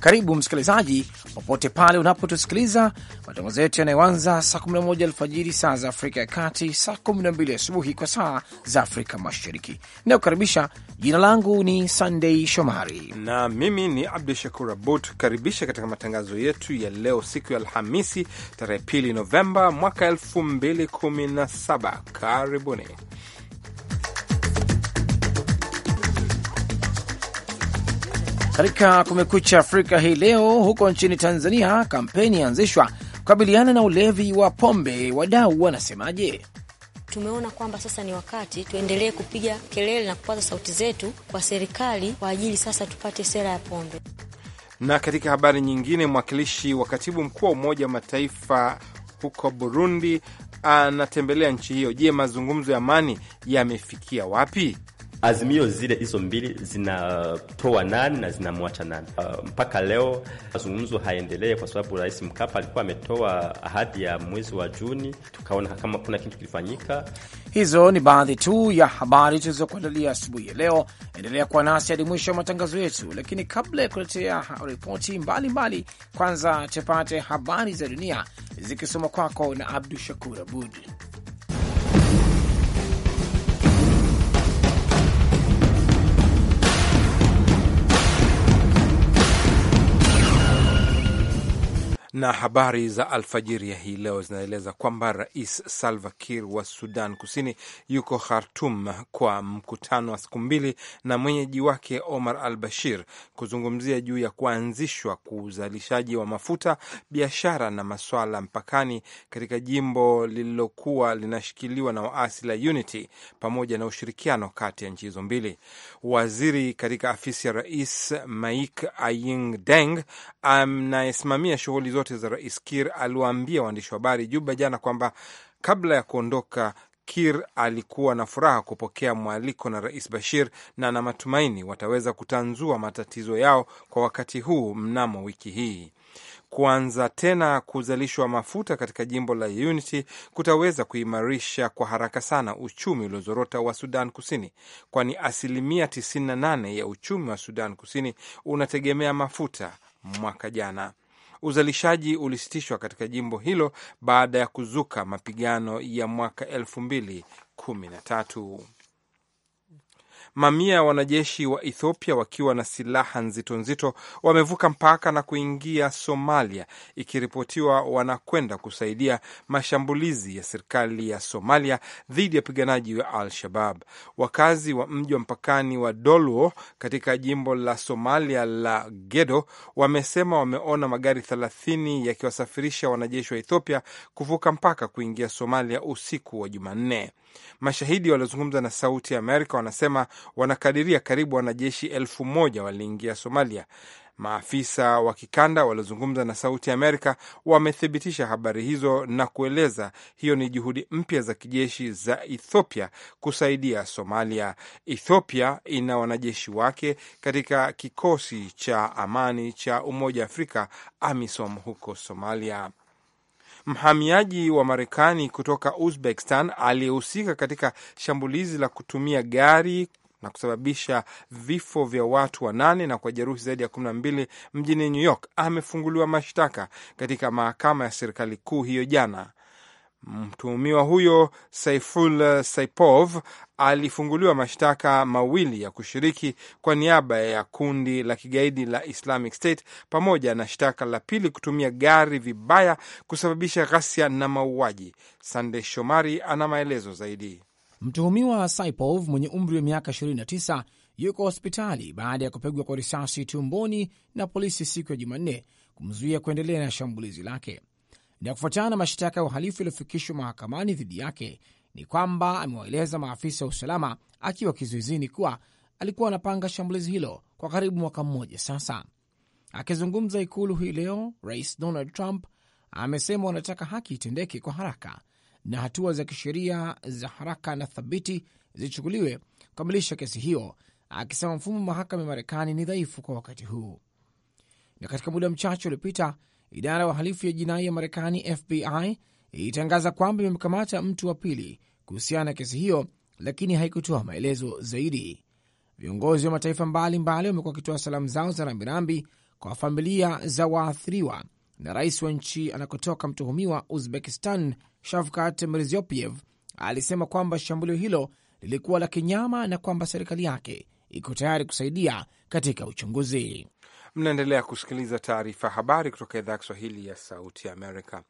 Karibu msikilizaji, popote pale unapotusikiliza. Matangazo yetu yanayoanza saa 11 alfajiri saa za Afrika ya Kati, saa 12 asubuhi kwa saa za Afrika Mashariki. Inayokaribisha, jina langu ni Sandei Shomari na mimi ni Abdu Shakur Abud. Karibisha katika matangazo yetu ya leo, siku ya Alhamisi tarehe 2 Novemba mwaka 2017. Karibuni. Katika Kumekucha Afrika hii leo, huko nchini Tanzania kampeni yaanzishwa kukabiliana na ulevi wa pombe. Wadau wanasemaje? Tumeona kwamba sasa ni wakati tuendelee kupiga kelele na kupaza sauti zetu kwa serikali kwa ajili sasa tupate sera ya pombe. Na katika habari nyingine, mwakilishi wa katibu mkuu wa Umoja wa Mataifa huko Burundi anatembelea nchi hiyo. Je, mazungumzo ya amani yamefikia wapi? azimio zile hizo mbili zinatoa nani na zinamwacha nani. Uh, mpaka leo mazungumzo haendelee kwa sababu Rais Mkapa alikuwa ametoa ahadi ya mwezi wa Juni, tukaona kama kuna kitu kilifanyika. Hizo ni baadhi tu ya habari tulizokuandalia asubuhi ya leo. Endelea kuwa nasi hadi mwisho wa matangazo yetu, lakini kabla ya kuletea ripoti mbalimbali, kwanza tupate habari za dunia zikisoma kwako na Abdu Shakur Abud. Na habari za alfajiri ya hii leo zinaeleza kwamba Rais Salva Kiir wa Sudan Kusini yuko Khartum kwa mkutano wa siku mbili na mwenyeji wake Omar al Bashir kuzungumzia juu ya kuanzishwa kwa uzalishaji wa mafuta, biashara na maswala mpakani katika jimbo lililokuwa linashikiliwa na waasi la Unity pamoja na ushirikiano kati ya nchi hizo mbili. Waziri katika afisi ya rais Maik Aying Deng anayesimamia shughuli zote za rais Kir aliwaambia waandishi wa habari Juba jana kwamba kabla ya kuondoka Kir alikuwa na furaha kupokea mwaliko na rais Bashir na ana matumaini wataweza kutanzua matatizo yao kwa wakati huu mnamo wiki hii. Kuanza tena kuzalishwa mafuta katika jimbo la Unity kutaweza kuimarisha kwa haraka sana uchumi uliozorota wa Sudan Kusini, kwani asilimia 98 ya uchumi wa Sudan Kusini unategemea mafuta mwaka jana. Uzalishaji ulisitishwa katika jimbo hilo baada ya kuzuka mapigano ya mwaka elfu mbili kumi na tatu. Mamia ya wanajeshi wa Ethiopia wakiwa na silaha nzito nzito wamevuka mpaka na kuingia Somalia, ikiripotiwa wanakwenda kusaidia mashambulizi ya serikali ya Somalia dhidi ya wapiganaji wa Al-Shabab. Wakazi wa mji wa mpakani wa Dolwo katika jimbo la Somalia la Gedo wamesema wameona magari thelathini yakiwasafirisha wanajeshi wa Ethiopia kuvuka mpaka kuingia Somalia usiku wa Jumanne. Mashahidi waliozungumza na Sauti ya Amerika wanasema wanakadiria karibu wanajeshi elfu moja waliingia Somalia. Maafisa wa kikanda waliozungumza na Sauti ya Amerika wamethibitisha habari hizo na kueleza hiyo ni juhudi mpya za kijeshi za Ethiopia kusaidia Somalia. Ethiopia ina wanajeshi wake katika kikosi cha amani cha Umoja wa Afrika, AMISOM, huko Somalia. Mhamiaji wa Marekani kutoka Uzbekistan aliyehusika katika shambulizi la kutumia gari na kusababisha vifo vya watu wanane na kwa jeruhi zaidi ya kumi na mbili mjini New York amefunguliwa mashtaka katika mahakama ya serikali kuu hiyo jana. Mtuhumiwa huyo Saiful eh, Saipov alifunguliwa mashtaka mawili ya kushiriki kwa niaba ya kundi la kigaidi la Islamic State pamoja na shtaka la pili kutumia gari vibaya kusababisha ghasia na mauaji. Sande Shomari ana maelezo zaidi. Mtuhumiwa Saipov mwenye umri wa miaka 29 yuko hospitali baada ya kupigwa kwa risasi tumboni na polisi siku ya Jumanne kumzuia kuendelea na shambulizi lake na kufuatana na mashtaka ya uhalifu yaliyofikishwa mahakamani dhidi yake ni kwamba amewaeleza maafisa wa usalama akiwa kizuizini kuwa alikuwa anapanga shambulizi hilo kwa karibu mwaka mmoja sasa. Akizungumza ikulu hii leo, Rais Donald Trump amesema wanataka haki itendeke kwa haraka na hatua za kisheria za haraka na thabiti zichukuliwe kukamilisha kesi hiyo, akisema mfumo wa mahakama ya Marekani ni dhaifu kwa wakati huu. Na katika muda mchache uliopita idara ya uhalifu ya jinai ya Marekani, FBI, ilitangaza kwamba imemkamata mtu wa pili kuhusiana na kesi hiyo, lakini haikutoa maelezo zaidi. Viongozi wa mataifa mbalimbali wamekuwa wakitoa salamu zao za rambirambi kwa familia za waathiriwa na rais wa nchi anakotoka mtuhumiwa Uzbekistan, Shavkat Mirziopiev, alisema kwamba shambulio hilo lilikuwa la kinyama na kwamba serikali yake iko tayari kusaidia katika uchunguzi. Mnaendelea kusikiliza taarifa habari kutoka idhaa ya Kiswahili ya Sauti ya Amerika.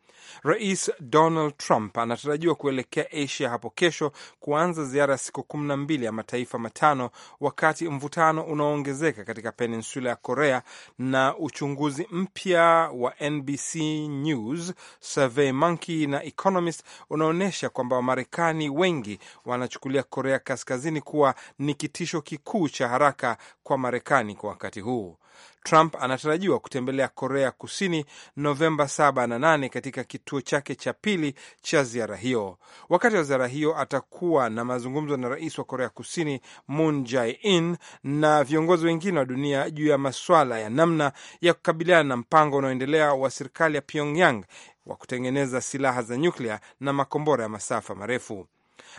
Rais Donald Trump anatarajiwa kuelekea Asia hapo kesho kuanza ziara ya siku kumi na mbili ya mataifa matano, wakati mvutano unaoongezeka katika peninsula ya Korea na uchunguzi mpya wa NBC News, Survey Monkey na Economist unaonyesha kwamba Wamarekani wengi wanachukulia Korea Kaskazini kuwa ni kitisho kikuu cha haraka kwa Marekani kwa wakati huu. Trump anatarajiwa kutembelea Korea Kusini Novemba 7 na 8 katika kituo chake cha pili cha ziara hiyo. Wakati wa ziara hiyo atakuwa na mazungumzo na rais wa Korea Kusini Moon Jae-in na viongozi wengine wa dunia juu ya maswala ya namna ya kukabiliana na mpango unaoendelea wa serikali ya Pyongyang wa kutengeneza silaha za nyuklia na makombora ya masafa marefu.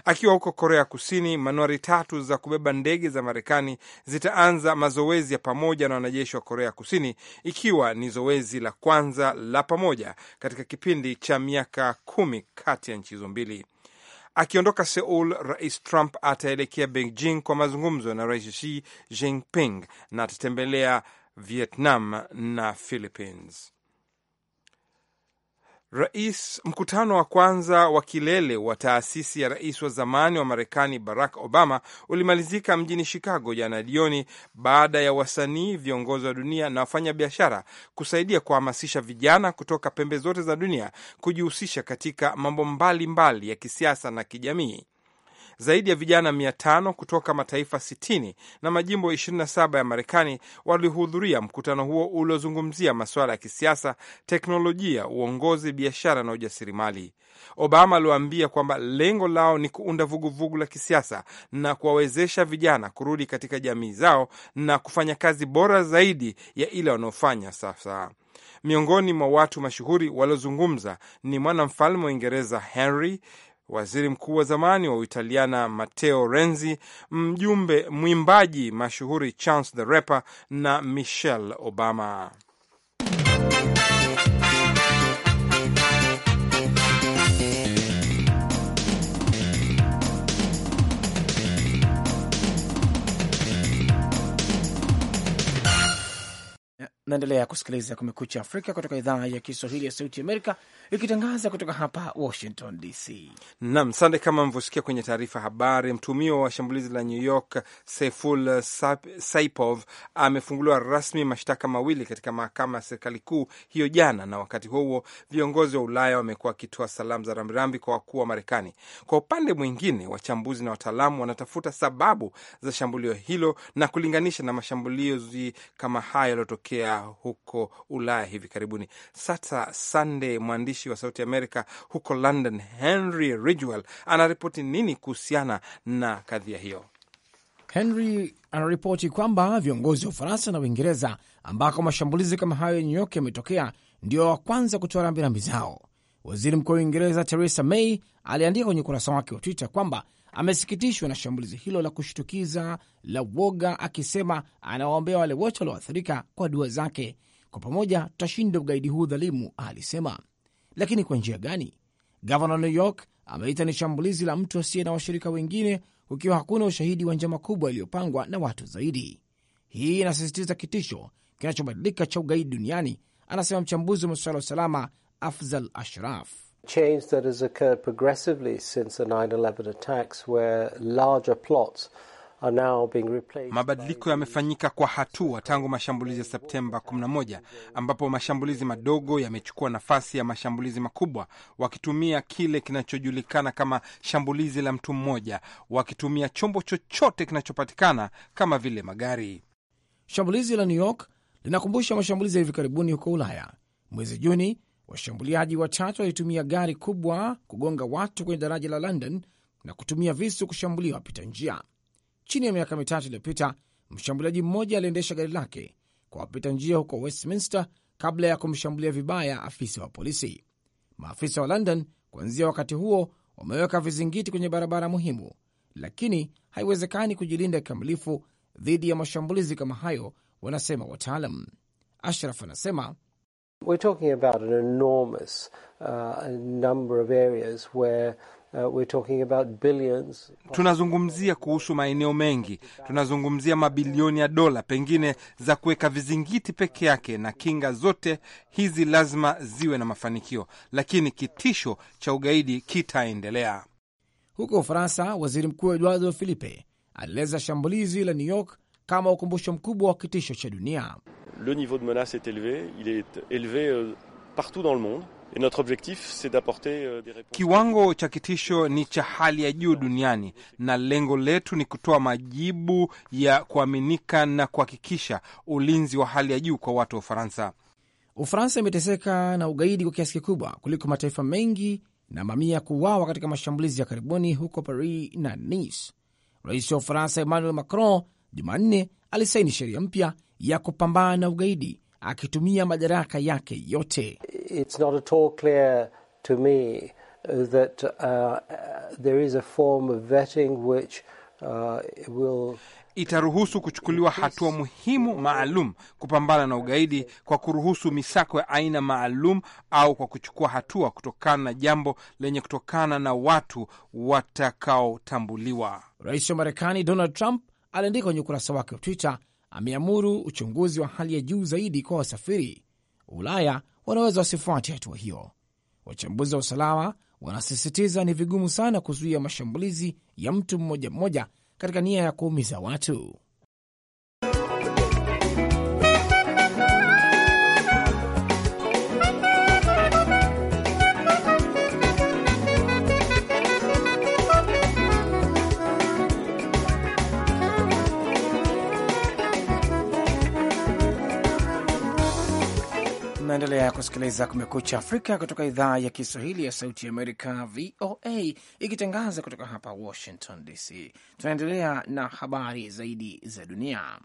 Akiwa huko Korea Kusini, manuari tatu za kubeba ndege za Marekani zitaanza mazoezi ya pamoja na wanajeshi wa Korea Kusini, ikiwa ni zoezi la kwanza la pamoja katika kipindi cha miaka kumi kati ya nchi hizo mbili. Akiondoka Seul, Rais Trump ataelekea Beijing kwa mazungumzo na Rais Xi Jinping na atatembelea Vietnam na Philippines. Rais mkutano wa kwanza wa kilele wa taasisi ya rais wa zamani wa Marekani Barack Obama ulimalizika mjini Chicago jana jioni baada ya wasanii, viongozi wa dunia na wafanyabiashara kusaidia kuhamasisha vijana kutoka pembe zote za dunia kujihusisha katika mambo mbalimbali mbali ya kisiasa na kijamii. Zaidi ya vijana 500 kutoka mataifa 60 na majimbo 27 ya Marekani walihudhuria mkutano huo uliozungumzia masuala ya kisiasa, teknolojia, uongozi, biashara na ujasiriamali. Obama aliwaambia kwamba lengo lao ni kuunda vuguvugu vugu la kisiasa na kuwawezesha vijana kurudi katika jamii zao na kufanya kazi bora zaidi ya ile wanaofanya sasa. Miongoni mwa watu mashuhuri waliozungumza ni mwanamfalme wa Uingereza Henry waziri mkuu wa zamani wa Uitaliana Matteo Renzi, mjumbe mwimbaji mashuhuri Chance the Rapper na Michelle Obama. Naendelea kusikiliza Kumekucha Afrika kutoka idhaa ya Kiswahili ya Sauti Amerika ikitangaza kutoka hapa Washington DC. Nam sande, kama mvyosikia kwenye taarifa habari, mtumio wa shambulizi la New York Saiful Saipov amefunguliwa rasmi mashtaka mawili katika mahakama ya serikali kuu hiyo jana. Na wakati huo huo, viongozi wa Ulaya wamekuwa wakitoa salamu za rambirambi kwa wakuu wa Marekani. Kwa upande mwingine, wachambuzi na wataalamu wanatafuta sababu za shambulio hilo na kulinganisha na mashambulizi kama haya yaliyotokea huko Ulaya hivi karibuni. Sasa Sunday, mwandishi wa Sauti Amerika huko London, Henry Ridgwell anaripoti nini kuhusiana na kadhia hiyo? Henry anaripoti kwamba viongozi wa Ufaransa na Uingereza ambako mashambulizi kama hayo ya New York yametokea ndio wa kwanza kutoa rambirambi zao. Waziri Mkuu wa Uingereza Theresa May aliandika kwenye ukurasa wake wa Twitter kwamba amesikitishwa na shambulizi hilo la kushtukiza la woga, akisema anawaombea wale wote walioathirika kwa dua zake. Kwa pamoja tutashinda ugaidi huu dhalimu, alisema. Lakini kwa njia gani? Gavana New York ameita ni shambulizi la mtu asiye na washirika wengine, kukiwa hakuna ushahidi wa njama kubwa iliyopangwa na watu zaidi. Hii inasisitiza kitisho kinachobadilika cha ugaidi duniani, anasema mchambuzi wa masuala ya usalama Afzal Ashraf. Change that has occurred progressively since the 9/11 attacks where larger plots are now being replaced. Mabadiliko yamefanyika kwa hatua tangu mashambulizi ya Septemba 11 ambapo mashambulizi madogo yamechukua nafasi ya mashambulizi makubwa, wakitumia kile kinachojulikana kama shambulizi la mtu mmoja, wakitumia chombo chochote kinachopatikana kama vile magari. Shambulizi la New York linakumbusha mashambulizi ya hivi karibuni huko Ulaya. Mwezi Juni Washambuliaji watatu walitumia gari kubwa kugonga watu kwenye daraja la London na kutumia visu kushambulia wapita njia. Chini ya miaka mitatu iliyopita, mshambuliaji mmoja aliendesha gari lake kwa wapita njia huko Westminster kabla ya kumshambulia vibaya afisa wa polisi. Maafisa wa London kuanzia wakati huo wameweka vizingiti kwenye barabara muhimu, lakini haiwezekani kujilinda kikamilifu dhidi ya mashambulizi kama hayo, wanasema wataalam. Ashraf anasema We're talking about an enormous uh, number of areas where Uh, we're talking about billions. Tunazungumzia kuhusu maeneo mengi, tunazungumzia mabilioni ya dola pengine za kuweka vizingiti peke yake, na kinga zote hizi lazima ziwe na mafanikio, lakini kitisho cha ugaidi kitaendelea. Huko Ufaransa, waziri mkuu Eduardo Philippe alieleza shambulizi la New York kama ukumbusho mkubwa wa kitisho cha dunia. Le niveau de menace est élevé, il est élevé euh, partout dans le monde. Et notre objectif, c'est d'apporter euh, des réponses. Kiwango cha kitisho ni cha hali ya juu duniani na lengo letu ni kutoa majibu ya kuaminika na kuhakikisha ulinzi wa hali ya juu kwa watu wa Ufaransa. Ufaransa imeteseka na ugaidi kwa kiasi kikubwa kuliko mataifa mengi na mamia kuuawa katika mashambulizi ya karibuni huko Paris na Nice. Rais wa Ufaransa Emmanuel Macron Jumanne alisaini sheria mpya ya kupambana na ugaidi akitumia madaraka yake yote. It's not at all clear to me that uh, there is a form of vetting which uh, will itaruhusu kuchukuliwa hatua muhimu maalum kupambana na ugaidi kwa kuruhusu misako ya aina maalum au kwa kuchukua hatua kutokana na jambo lenye kutokana na watu watakaotambuliwa. Rais wa Marekani Donald Trump aliandika kwenye ukurasa wake wa Twitter, ameamuru uchunguzi wa hali ya juu zaidi kwa wasafiri. Ulaya wanaweza wasifuate hatua hiyo. Wachambuzi wa usalama wanasisitiza ni vigumu sana kuzuia mashambulizi ya mtu mmoja mmoja katika nia ya kuumiza watu. Unaendelea kusikiliza Kumekucha Afrika kutoka idhaa ya Kiswahili ya Sauti ya Amerika, VOA, ikitangaza kutoka hapa Washington DC. Tunaendelea na habari zaidi za dunia.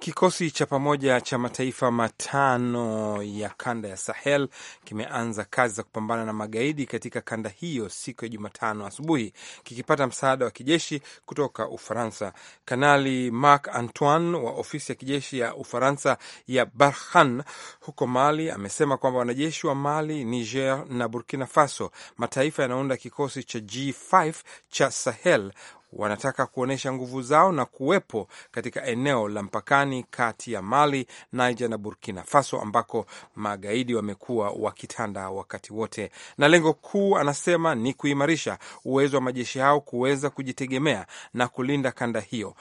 Kikosi cha pamoja cha mataifa matano ya kanda ya Sahel kimeanza kazi za kupambana na magaidi katika kanda hiyo siku ya Jumatano asubuhi kikipata msaada wa kijeshi kutoka Ufaransa. Kanali Marc Antoine wa ofisi ya kijeshi ya Ufaransa ya Barhan huko Mali amesema kwamba wanajeshi wa Mali, Niger na Burkina Faso, mataifa yanaunda kikosi cha G5 cha Sahel wanataka kuonyesha nguvu zao na kuwepo katika eneo la mpakani kati ya Mali, Niger na Burkina Faso ambako magaidi wamekuwa wakitanda wakati wote, na lengo kuu anasema ni kuimarisha uwezo wa majeshi hao kuweza kujitegemea na kulinda kanda hiyo.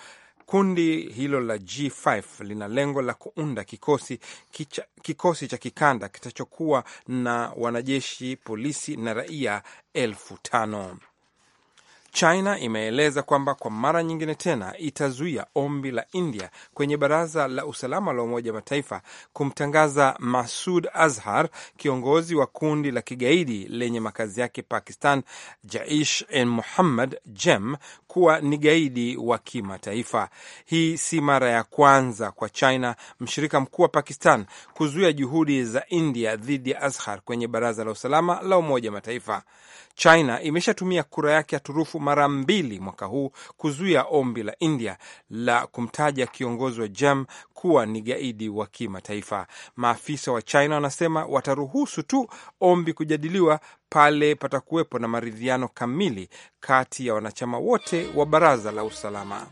Kundi hilo la G5 lina lengo la kuunda kikosi, kicha, kikosi cha kikanda kitachokuwa na wanajeshi, polisi na raia elfu tano. China imeeleza kwamba kwa mara nyingine tena itazuia ombi la India kwenye Baraza la Usalama la Umoja Mataifa kumtangaza Masud Azhar, kiongozi wa kundi la kigaidi lenye makazi yake Pakistan, Jaish en Muhammad JEM, kuwa ni gaidi wa kimataifa. Hii si mara ya kwanza kwa China, mshirika mkuu wa Pakistan, kuzuia juhudi za India dhidi ya Azhar kwenye Baraza la Usalama la Umoja Mataifa. China imeshatumia kura yake ya turufu mara mbili mwaka huu kuzuia ombi la India la kumtaja kiongozi wa JAM kuwa ni gaidi wa kimataifa. Maafisa wa China wanasema wataruhusu tu ombi kujadiliwa pale patakuwepo na maridhiano kamili kati ya wanachama wote wa Baraza la Usalama.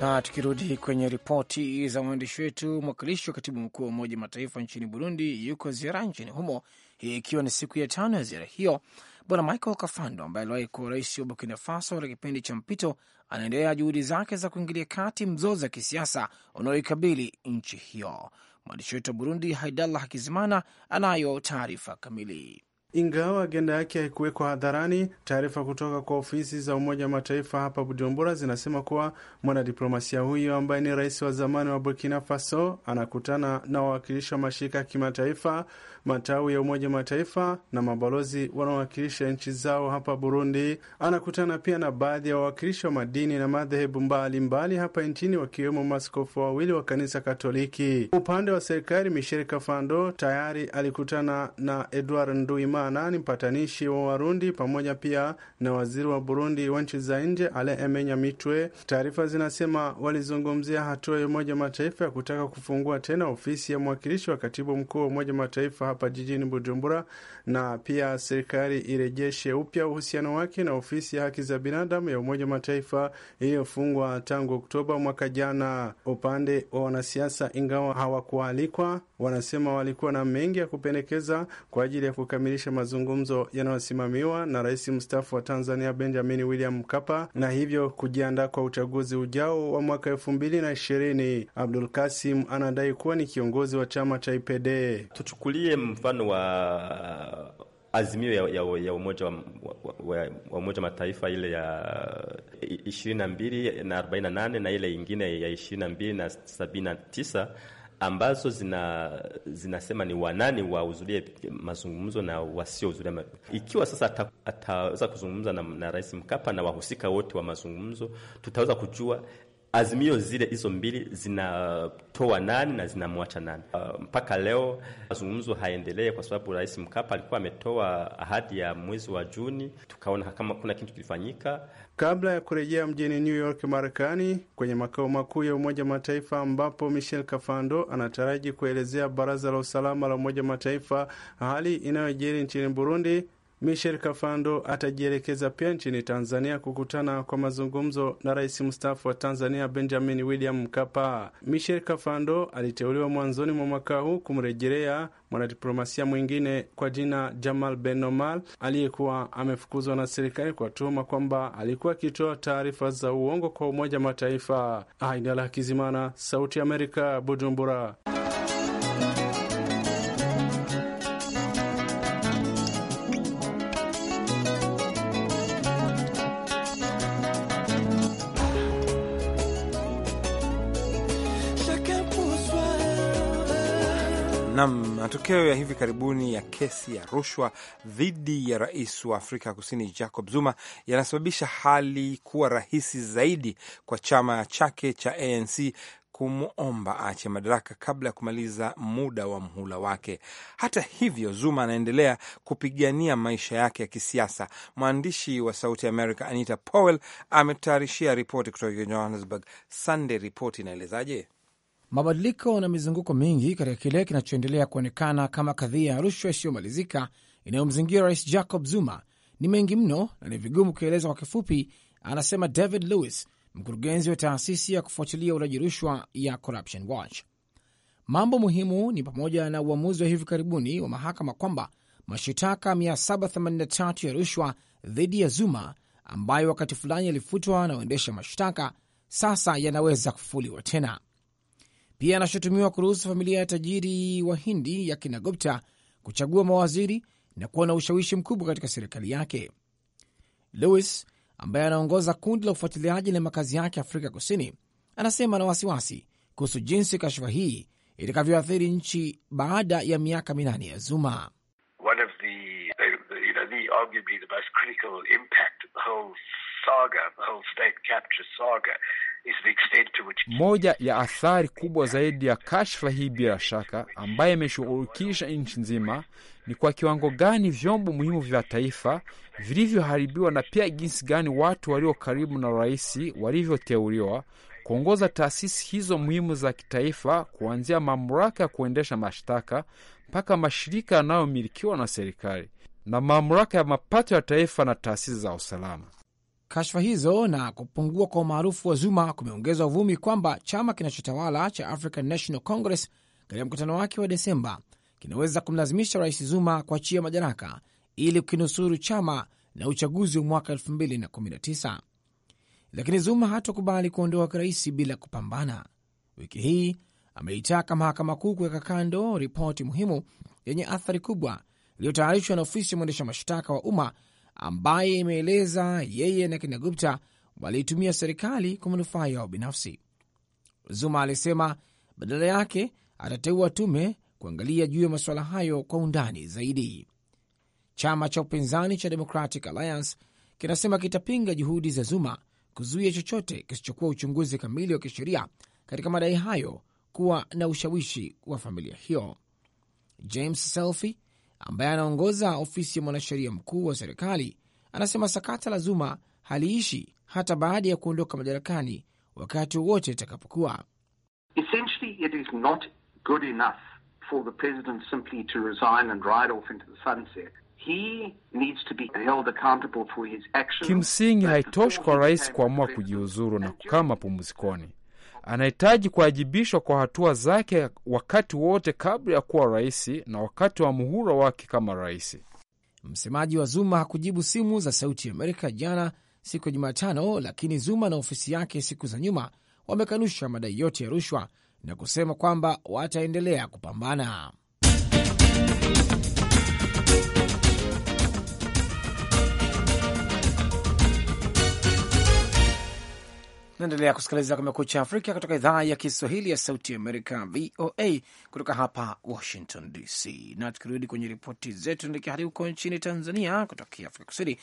Na tukirudi kwenye ripoti za mwandishi wetu, mwakilishi wa katibu mkuu wa Umoja Mataifa nchini Burundi yuko ziara nchini humo, hii ikiwa ni siku ya tano ya ziara hiyo. Bwana Michael Kafando ambaye aliwahi kuwa rais wa Burkina Faso katika kipindi cha mpito, anaendelea juhudi zake za kuingilia kati mzozo wa kisiasa unaoikabili nchi hiyo. Mwandishi wetu wa Burundi Haidallah Hakizimana anayo taarifa kamili. Ingawa agenda yake haikuwekwa hadharani, taarifa kutoka kwa ofisi za Umoja wa Mataifa hapa Bujumbura zinasema kuwa mwanadiplomasia huyo ambaye ni rais wa zamani wa Burkina Faso anakutana na wawakilishi wa mashirika ya kimataifa, matawi ya Umoja wa Mataifa na mabalozi wanaowakilisha nchi zao hapa Burundi. Anakutana pia na baadhi ya wawakilishi wa madini na madhehebu mbalimbali hapa nchini, wakiwemo maskofu wawili wa kanisa Katoliki. Upande wa serikali, Michel Kafando tayari alikutana na Edward Nduima ni mpatanishi wa Warundi, pamoja pia na waziri wa Burundi wa nchi za nje Ale Emenya Mitwe. Taarifa zinasema walizungumzia hatua ya Umoja Mataifa ya kutaka kufungua tena ofisi ya mwakilishi wa katibu mkuu wa Umoja Mataifa hapa jijini Bujumbura, na pia serikali irejeshe upya uhusiano wake na ofisi ya haki za binadamu ya Umoja Mataifa iliyofungwa tangu Oktoba mwaka jana. Upande wa wanasiasa, ingawa hawakualikwa wanasema walikuwa na mengi ya kupendekeza kwa ajili ya kukamilisha mazungumzo yanayosimamiwa na rais mstaafu wa Tanzania Benjamin William Mkapa na hivyo kujiandaa kwa uchaguzi ujao wa mwaka elfu mbili na ishirini. Abdul Kasim anadai kuwa ni kiongozi wa chama cha IPD. Tuchukulie mfano wa azimio ya, ya, ya Umoja wa, wa, wa Umoja Mataifa ile ya ishirini na mbili na arobaini na nane na ile ingine ya ishirini na mbili na sabini na tisa ambazo zina zinasema ni wanani wahudhurie mazungumzo na wasiohudhuria. Ikiwa sasa ataweza kuzungumza na, na Rais Mkapa na wahusika wote wa mazungumzo, tutaweza kujua azimio zile hizo mbili zinatoa nani na zinamwacha nani. Uh, mpaka leo mazungumzo haendelee kwa sababu Rais Mkapa alikuwa ametoa ahadi ya mwezi wa Juni, tukaona kama kuna kitu kilifanyika kabla ya kurejea mjini New York Marekani, kwenye makao makuu ya Umoja Mataifa ambapo Michel Kafando anataraji kuelezea Baraza la Usalama la Umoja Mataifa hali inayojiri nchini Burundi Michel Kafando atajielekeza pia nchini Tanzania kukutana kwa mazungumzo na rais mstaafu wa Tanzania Benjamin William Mkapa. Michel Kafando aliteuliwa mwanzoni mwa mwaka huu kumrejelea mwanadiplomasia mwingine kwa jina Jamal Benomal aliyekuwa amefukuzwa na serikali kwa tuhuma kwamba alikuwa akitoa taarifa za uongo kwa Umoja Mataifa. Aidala Kizimana, Sauti ya Amerika, Bujumbura. Nam, matokeo ya hivi karibuni ya kesi ya rushwa dhidi ya rais wa Afrika Kusini Jacob Zuma yanasababisha hali kuwa rahisi zaidi kwa chama chake cha ANC kumwomba aache madaraka kabla ya kumaliza muda wa mhula wake. Hata hivyo, Zuma anaendelea kupigania maisha yake ya kisiasa. Mwandishi wa Sauti ya America Anita Powell ametayarishia ripoti kutoka Johannesburg. Sunday ripoti inaelezaje? mabadiliko na mizunguko mingi katika kile kinachoendelea kuonekana kama kadhia ya rushwa isiyomalizika inayomzingira Rais Jacob Zuma ni mengi mno na ni vigumu kueleza kwa kifupi, anasema David Lewis, mkurugenzi wa taasisi ya kufuatilia ulaji rushwa ya Corruption Watch. Mambo muhimu ni pamoja na uamuzi wa hivi karibuni wa mahakama kwamba mashitaka 783 ya rushwa dhidi ya Zuma ambayo wakati fulani yalifutwa na waendesha mashtaka sasa yanaweza kufufuliwa tena. Pia anashutumiwa kuruhusu familia ya tajiri wa Hindi ya kina Gupta kuchagua mawaziri na kuwa na ushawishi mkubwa katika serikali yake. Lewis ambaye anaongoza kundi la ufuatiliaji na makazi yake Afrika Kusini anasema na wasiwasi kuhusu jinsi kashfa hii itakavyoathiri nchi baada ya miaka minane ya Zuma. Moja ya athari kubwa zaidi ya kashfa hii bila shaka, ambayo imeshughulikisha nchi nzima, ni kwa kiwango gani vyombo muhimu vya taifa vilivyoharibiwa na pia jinsi gani watu walio karibu na rais walivyoteuliwa kuongoza taasisi hizo muhimu za kitaifa, kuanzia mamlaka ya kuendesha mashtaka mpaka mashirika yanayomilikiwa na serikali na mamlaka ya mapato ya taifa na taasisi za usalama. Kashfa hizo na kupungua kwa umaarufu wa Zuma kumeongeza uvumi kwamba chama kinachotawala cha African National Congress katika mkutano wake wa Desemba kinaweza kumlazimisha Rais Zuma kuachia madaraka ili kukinusuru chama na uchaguzi wa mwaka 2019. Lakini Zuma hatakubali kuondoa kirais bila kupambana. Wiki hii ameitaka mahakama kuu kuweka kando ripoti muhimu yenye athari kubwa iliyotayarishwa na ofisi ya mwendesha mashtaka wa umma ambaye imeeleza yeye na kina Gupta waliitumia serikali kwa manufaa yao binafsi. Zuma alisema badala yake atateua tume kuangalia juu ya masuala hayo kwa undani zaidi. Chama cha upinzani cha Democratic Alliance kinasema kitapinga juhudi za Zuma kuzuia chochote kisichokuwa uchunguzi kamili wa kisheria katika madai hayo kuwa na ushawishi wa familia hiyo. James Selfie ambaye anaongoza ofisi ya mwanasheria mkuu wa serikali anasema sakata la Zuma haliishi hata baada ya kuondoka madarakani wakati wowote itakapokuwa. Kimsingi haitoshi kwa rais kuamua kujiuzuru na kukaa mapumzikoni anahitaji kuajibishwa kwa hatua zake wakati wote kabla ya kuwa rais na wakati wa muhula wake kama rais. Msemaji wa Zuma hakujibu simu za Sauti ya Amerika jana siku ya Jumatano, lakini Zuma na ofisi yake siku za nyuma wamekanusha madai yote ya rushwa na kusema kwamba wataendelea kupambana. Naendelea kusikiliza Kumekucha Afrika kutoka idhaa ya Kiswahili ya Sauti Amerika, VOA, kutoka hapa Washington DC. Na tukirudi kwenye ripoti zetu, nikia hadi huko nchini Tanzania, kutokea Afrika Kusini,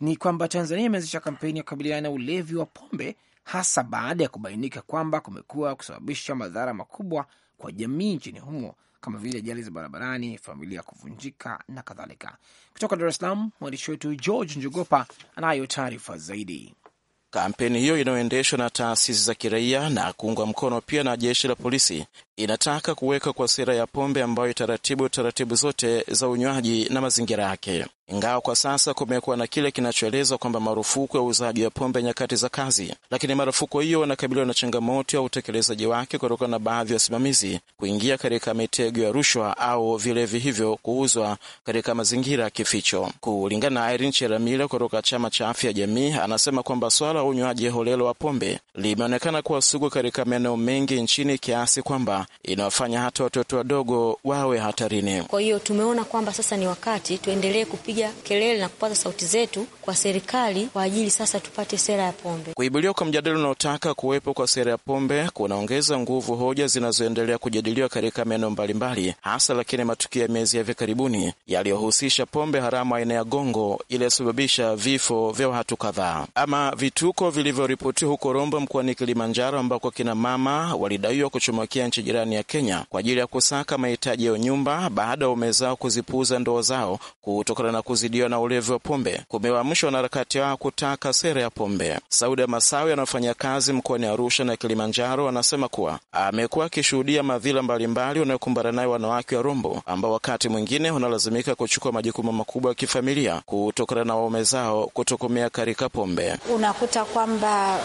ni kwamba Tanzania imeanzisha kampeni ya kukabiliana na ulevi wa pombe, hasa baada ya kubainika kwamba kumekuwa kusababisha madhara makubwa kwa jamii nchini humo kama vile ajali za barabarani, familia kuvunjika na kadhalika. Kutoka Dar es Salaam, mwandishi wetu George Njogopa anayo taarifa zaidi. Kampeni hiyo inayoendeshwa na taasisi za kiraia na kuungwa mkono pia na jeshi la polisi inataka kuweka kwa sera ya pombe ambayo itaratibu taratibu zote za unywaji na mazingira yake. Ingawa kwa sasa kumekuwa na kile kinachoelezwa kwamba marufuku ya uuzaji wa pombe nyakati za kazi, lakini marufuku hiyo wanakabiliwa na changamoto ya utekelezaji wake kutokana na baadhi ya wasimamizi kuingia katika mitego ya rushwa au vilevi hivyo kuuzwa katika mazingira ya kificho. Kulingana na Irene Cheramile kutoka chama cha afya ya jamii, anasema kwamba swala la unywaji holelo wa pombe limeonekana kuwa sugu katika maeneo mengi nchini kiasi kwamba inawafanya hata watoto wadogo wawe hatarini. Kwa hiyo tumeona kwamba sasa ni wakati tuendelee kupiga kupiga kelele na kupaza sauti zetu kwa serikali kwa ajili sasa tupate sera ya pombe. Kuibuliwa kwa mjadala unaotaka kuwepo kwa sera ya pombe kunaongeza nguvu hoja zinazoendelea kujadiliwa katika maeneo mbalimbali, hasa lakini matukio ya miezi ya hivi karibuni yaliyohusisha pombe haramu aina ya gongo iliyosababisha vifo vya watu kadhaa, ama vituko vilivyoripotiwa huko Rombo mkoani Kilimanjaro, ambako kina mama walidaiwa kuchomokea nchi jirani ya Kenya kwa ajili ya kusaka mahitaji ya nyumba baada ya waume zao kuzipuuza ndoa zao kutokana na kuzidiwa na ulevi wa pombe kumewaamsha wanaharakati wao kutaka sera ya pombe. Sauda Masawi anaofanya kazi mkoani Arusha na Kilimanjaro, anasema kuwa amekuwa akishuhudia madhila mbalimbali wanayokumbana naye wanawake wa Rombo ambao wakati mwingine wanalazimika kuchukua majukumu makubwa ya kifamilia kutokana na waume zao kutokomea katika pombe. Unakuta kwamba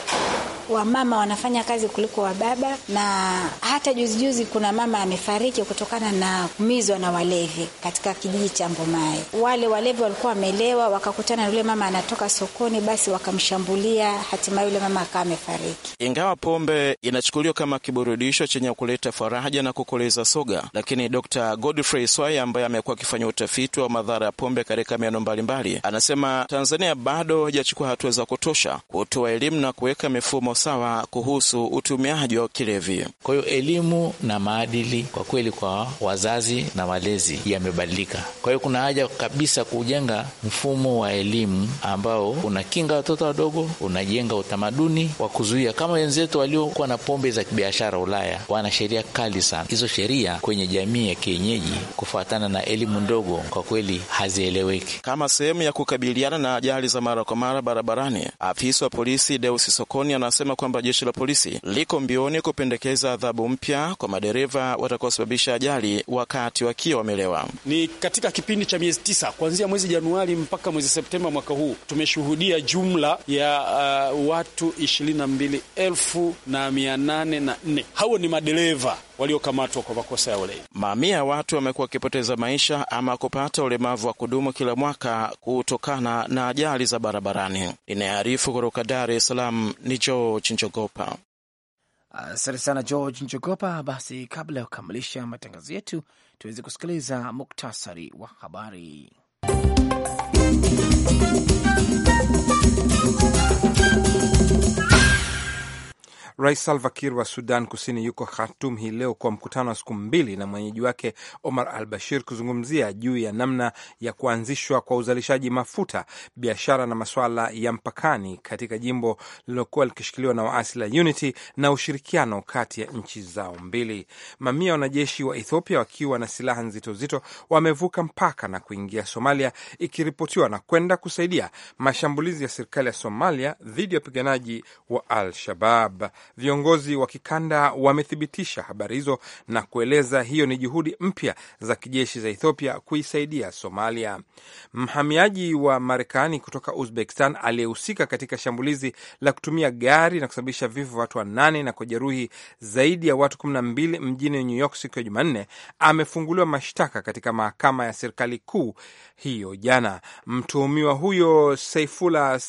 wamama wanafanya kazi kuliko wababa, na hata juzijuzi juzi kuna mama amefariki kutokana na kumizwa na walevi katika kijiji cha Mbomai. Wale walevi walikuwa wamelewa, wakakutana na yule mama anatoka sokoni, basi wakamshambulia, hatimaye yule mama akawa amefariki. Ingawa pombe inachukuliwa kama kiburudisho chenye kuleta faraja na kukoleza soga, lakini Dr. Godfrey swai ambaye amekuwa akifanya utafiti wa madhara ya pombe katika maeneo mbalimbali, anasema Tanzania bado hajachukua hatua za kutosha kutoa elimu na kuweka mifumo sawa kuhusu utumiaji wa kilevi. Kwa hiyo elimu na maadili kwa kweli kwa wazazi na walezi yamebadilika. Kwa hiyo kuna haja kabisa kujenga mfumo wa elimu ambao unakinga watoto wadogo, unajenga utamaduni wa kuzuia, kama wenzetu waliokuwa na pombe za kibiashara Ulaya, wana sheria kali sana. Hizo sheria kwenye jamii ya kienyeji kufuatana na elimu ndogo, kwa kweli hazieleweki. Kama sehemu ya kukabiliana na ajali za mara kwa mara barabarani, afisa wa polisi Deusi Sokoni anasema amesema kwamba jeshi la polisi liko mbioni kupendekeza adhabu mpya kwa madereva watakaosababisha ajali wakati wakiwa wamelewa. Ni katika kipindi cha miezi tisa kuanzia mwezi Januari mpaka mwezi Septemba mwaka huu tumeshuhudia jumla ya uh, watu elfu ishirini na mbili na mia nane na nne. Hao ni madereva waliokamatwa kwa makosa ya ulevi. Mamia ya watu wamekuwa wakipoteza maisha ama kupata ulemavu wa kudumu kila mwaka kutokana na ajali za barabarani. Inayoarifu kutoka Dar es Salaam ni George Njogopa. Asante sana George Njogopa. Basi kabla ya kukamilisha matangazo yetu, tuweze kusikiliza muktasari wa habari. Rais Salva Kiir wa Sudan Kusini yuko Khartum hii leo kwa mkutano wa siku mbili na mwenyeji wake Omar al Bashir kuzungumzia juu ya namna ya kuanzishwa kwa uzalishaji mafuta, biashara na masuala ya mpakani katika jimbo lililokuwa likishikiliwa na waasi la Unity na ushirikiano kati ya nchi zao mbili. Mamia ya wanajeshi wa Ethiopia wakiwa na silaha nzito zito wamevuka mpaka na kuingia Somalia, ikiripotiwa na kwenda kusaidia mashambulizi ya serikali ya Somalia dhidi ya wapiganaji wa Al Shabab. Viongozi wa kikanda wamethibitisha habari hizo na kueleza hiyo ni juhudi mpya za kijeshi za Ethiopia kuisaidia Somalia. Mhamiaji wa Marekani kutoka Uzbekistan aliyehusika katika shambulizi la kutumia gari na kusababisha vifo vya watu wanane na kujeruhi zaidi ya watu kumi na mbili mjini New York siku ya Jumanne amefunguliwa mashtaka katika mahakama ya serikali kuu hiyo jana. Mtuhumiwa huyo Saifula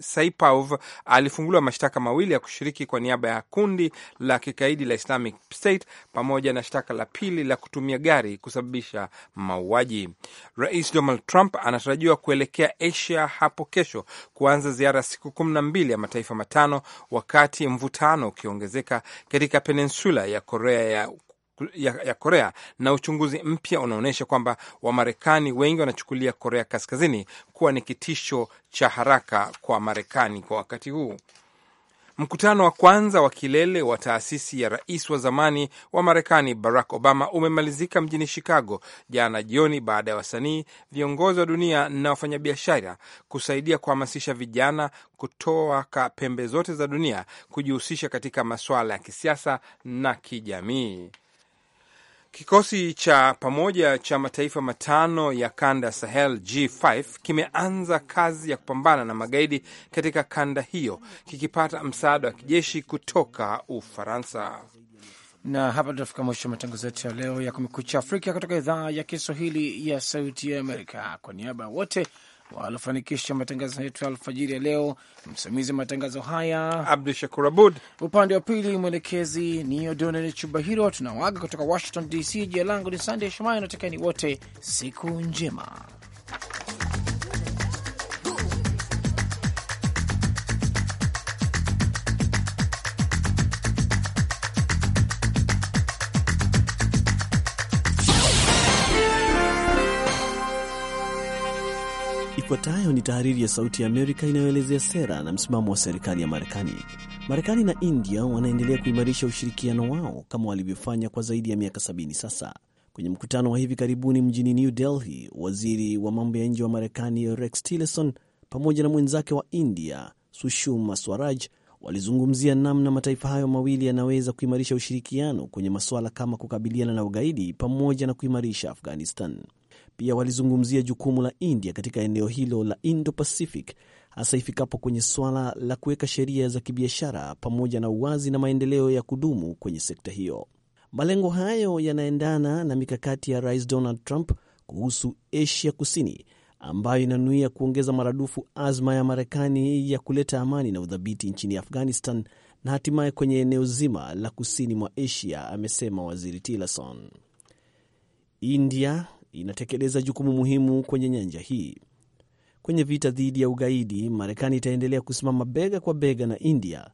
Saipov alifunguliwa mashtaka mawili ya kushiriki kwa niaba ya kundi la kikaidi la Islamic State pamoja na shtaka la pili la kutumia gari kusababisha mauaji. Rais Donald Trump anatarajiwa kuelekea Asia hapo kesho kuanza ziara siku kumi na mbili ya mataifa matano, wakati mvutano ukiongezeka katika peninsula ya Korea ya ya, ya Korea na uchunguzi mpya unaonyesha kwamba Wamarekani wengi wanachukulia Korea Kaskazini kuwa ni kitisho cha haraka kwa Marekani kwa wakati huu. Mkutano wa kwanza wa kilele wa taasisi ya rais wa zamani wa Marekani Barack Obama umemalizika mjini Chicago jana jioni baada ya wasanii, viongozi wa dunia na wafanyabiashara kusaidia kuhamasisha vijana kutoka pembe zote za dunia kujihusisha katika masuala ya kisiasa na kijamii. Kikosi cha pamoja cha mataifa matano ya kanda ya Sahel G5 kimeanza kazi ya kupambana na magaidi katika kanda hiyo kikipata msaada wa kijeshi kutoka Ufaransa. Na hapa tunafika mwisho wa matangazo yetu ya leo ya Kumekucha Afrika kutoka idhaa ya Kiswahili ya Sauti ya Amerika. Kwa niaba ya wote walofanikisha matangazo yetu ya alfajiri ya leo. Msimamizi wa matangazo haya Abdu Shakur Abud, upande wa pili mwelekezi ni O'Donnell Chubahiro. Tunawaga kutoka Washington DC. Jina langu ni Sandey Shomari, natakieni wote siku njema. Ifuatayo ni tahariri ya Sauti ya Amerika inayoelezea sera na msimamo wa serikali ya Marekani. Marekani na India wanaendelea kuimarisha ushirikiano wao kama walivyofanya kwa zaidi ya miaka 70 sasa. Kwenye mkutano wa hivi karibuni mjini New Delhi, waziri wa mambo ya nje wa Marekani Rex Tillerson pamoja na mwenzake wa India Sushuma Swaraj walizungumzia namna mataifa hayo mawili yanaweza kuimarisha ushirikiano kwenye masuala kama kukabiliana na ugaidi pamoja na kuimarisha Afghanistan. Pia walizungumzia jukumu la India katika eneo hilo la Indo-Pacific, hasa ifikapo kwenye swala la kuweka sheria za kibiashara pamoja na uwazi na maendeleo ya kudumu kwenye sekta hiyo. Malengo hayo yanaendana na mikakati ya Rais Donald Trump kuhusu Asia Kusini ambayo inanuia kuongeza maradufu azma ya Marekani ya kuleta amani na udhabiti nchini Afghanistan na hatimaye kwenye eneo zima la kusini mwa Asia, amesema Waziri Tillerson. India inatekeleza jukumu muhimu kwenye nyanja hii. Kwenye vita dhidi ya ugaidi, Marekani itaendelea kusimama bega kwa bega na India.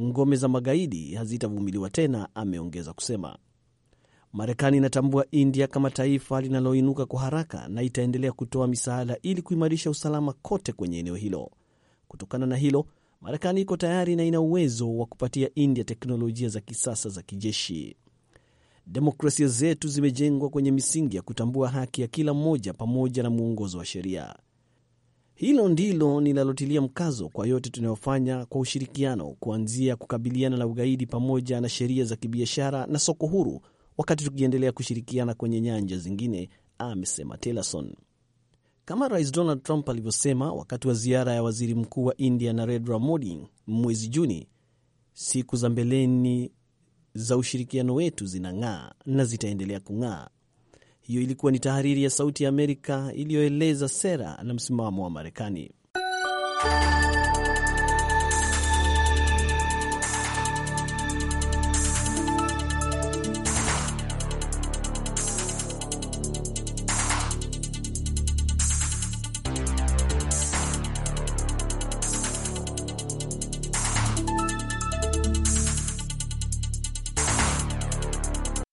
Ngome za magaidi hazitavumiliwa tena, ameongeza kusema. Marekani inatambua India kama taifa linaloinuka kwa haraka na itaendelea kutoa misaada ili kuimarisha usalama kote kwenye eneo hilo. Kutokana na hilo, Marekani iko tayari na ina uwezo wa kupatia India teknolojia za kisasa za kijeshi. Demokrasia zetu zimejengwa kwenye misingi ya kutambua haki ya kila mmoja pamoja na mwongozo wa sheria. Hilo ndilo ninalotilia mkazo kwa yote tunayofanya kwa ushirikiano, kuanzia kukabiliana na ugaidi pamoja na sheria za kibiashara na soko huru, wakati tukiendelea kushirikiana kwenye nyanja zingine, amesema Tillerson. Kama Rais Donald Trump alivyosema wakati wa ziara ya waziri mkuu wa India Narendra Modi mwezi Juni, siku za mbeleni za ushirikiano wetu zinang'aa na zitaendelea kung'aa. Hiyo ilikuwa ni tahariri ya Sauti ya Amerika iliyoeleza sera na msimamo wa Marekani.